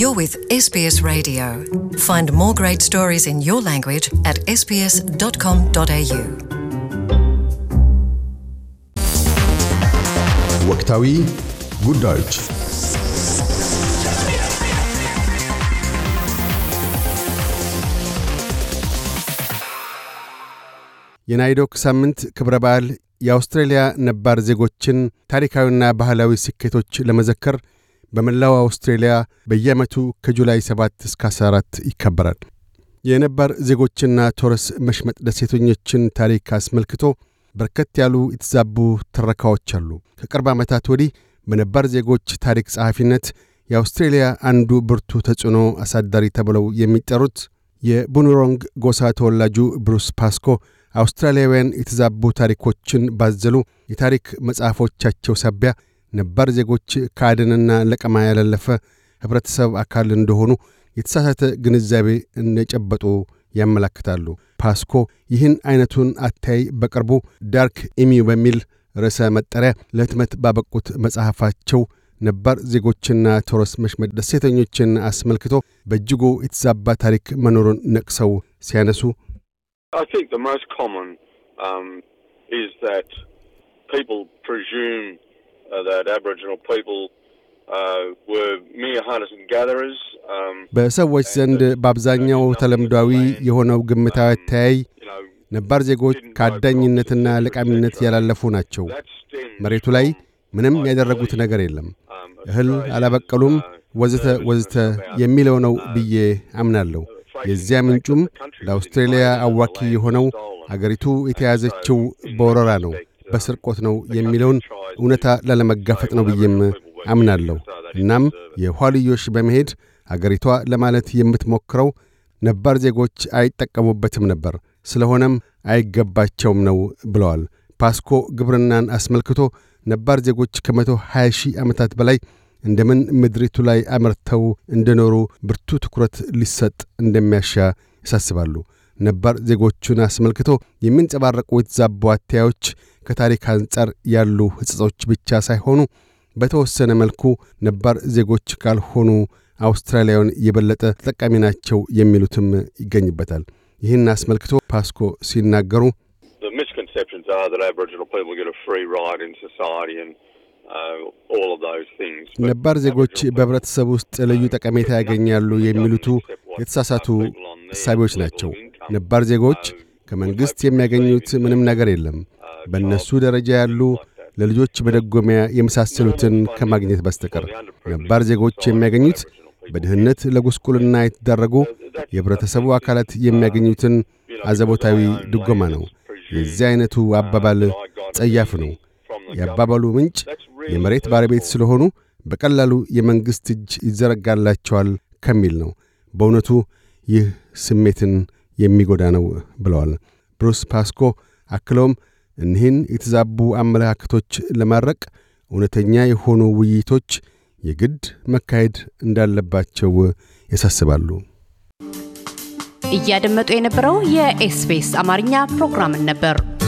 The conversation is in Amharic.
You're with SBS Radio. Find more great stories in your language at sbs.com.au. ወቅታዊ ጉዳዮች የናይዶክ ሳምንት ክብረ በዓል የአውስትሬልያ ነባር ዜጎችን ታሪካዊና ባህላዊ ስኬቶች ለመዘከር በመላው አውስትሬልያ በየዓመቱ ከጁላይ 7 እስከ 14 ይከበራል። የነባር ዜጎችና ቶረስ መሽመጥ ደሴተኞችን ታሪክ አስመልክቶ በርከት ያሉ የተዛቡ ትረካዎች አሉ። ከቅርብ ዓመታት ወዲህ በነባር ዜጎች ታሪክ ጸሐፊነት የአውስትሬልያ አንዱ ብርቱ ተጽዕኖ አሳዳሪ ተብለው የሚጠሩት የቡኑሮንግ ጎሳ ተወላጁ ብሩስ ፓስኮ አውስትራሊያውያን የተዛቡ ታሪኮችን ባዘሉ የታሪክ መጽሐፎቻቸው ሳቢያ ነባር ዜጎች ከአደንና ለቀማ ያላለፈ ህብረተሰብ አካል እንደሆኑ የተሳሳተ ግንዛቤ እንደጨበጡ ያመላክታሉ። ፓስኮ ይህን አይነቱን አታይ በቅርቡ ዳርክ ኢሚዩ በሚል ርዕሰ መጠሪያ ለህትመት ባበቁት መጽሐፋቸው ነባር ዜጎችና ቶሮስ መሽመድ ደሴተኞችን አስመልክቶ በእጅጉ የተዛባ ታሪክ መኖሩን ነቅሰው ሲያነሱ I በሰዎች ዘንድ በአብዛኛው ተለምዷዊ የሆነው ግምታዊ አተያይ um, ነባር ዜጎች ከአዳኝነትና ለቃሚነት ያላለፉ ናቸው። መሬቱ ላይ ምንም ያደረጉት ነገር የለም፣ um, እህል አላበቀሉም፣ uh, ወዘተ ወዘተ የሚለው ነው uh, ብዬ አምናለሁ። uh, የዚያ ምንጩም ለአውስትሬልያ አዋኪ የሆነው አገሪቱ የተያዘችው በወረራ ነው፣ በስርቆት ነው የሚለውን እውነታ ላለመጋፈጥ ነው ብዬም አምናለሁ። እናም የኋልዮሽ በመሄድ አገሪቷ ለማለት የምትሞክረው ነባር ዜጎች አይጠቀሙበትም ነበር፣ ስለሆነም አይገባቸውም ነው ብለዋል። ፓስኮ ግብርናን አስመልክቶ ነባር ዜጎች ከመቶ 20 ሺህ ዓመታት በላይ እንደምን ምድሪቱ ላይ አመርተው እንደኖሩ ብርቱ ትኩረት ሊሰጥ እንደሚያሻ ያሳስባሉ። ነባር ዜጎቹን አስመልክቶ የሚንጸባረቁ የተዛቡ አተያዮች ከታሪክ አንጻር ያሉ ሕጸጾች ብቻ ሳይሆኑ በተወሰነ መልኩ ነባር ዜጎች ካልሆኑ አውስትራሊያውን የበለጠ ተጠቃሚ ናቸው የሚሉትም ይገኝበታል። ይህን አስመልክቶ ፓስኮ ሲናገሩ uh, ነባር ዜጎች በህብረተሰብ ውስጥ ልዩ ጠቀሜታ ያገኛሉ የሚሉቱ የተሳሳቱ እሳቢዎች ናቸው። ነባር ዜጎች ከመንግሥት የሚያገኙት ምንም ነገር የለም በእነሱ ደረጃ ያሉ ለልጆች መደጎሚያ የመሳሰሉትን ከማግኘት በስተቀር። ነባር ዜጎች የሚያገኙት በድህነት ለጉስቁልና የተዳረጉ የህብረተሰቡ አካላት የሚያገኙትን አዘቦታዊ ድጎማ ነው። የዚህ ዐይነቱ አባባል ጸያፍ ነው። የአባባሉ ምንጭ የመሬት ባለቤት ስለሆኑ በቀላሉ የመንግሥት እጅ ይዘረጋላቸዋል ከሚል ነው። በእውነቱ ይህ ስሜትን የሚጎዳ ነው ብለዋል። ብሩስ ፓስኮ አክለውም እኒህን የተዛቡ አመለካከቶች ለማድረቅ እውነተኛ የሆኑ ውይይቶች የግድ መካሄድ እንዳለባቸው ያሳስባሉ። እያደመጡ የነበረው የኤስቢኤስ አማርኛ ፕሮግራምን ነበር።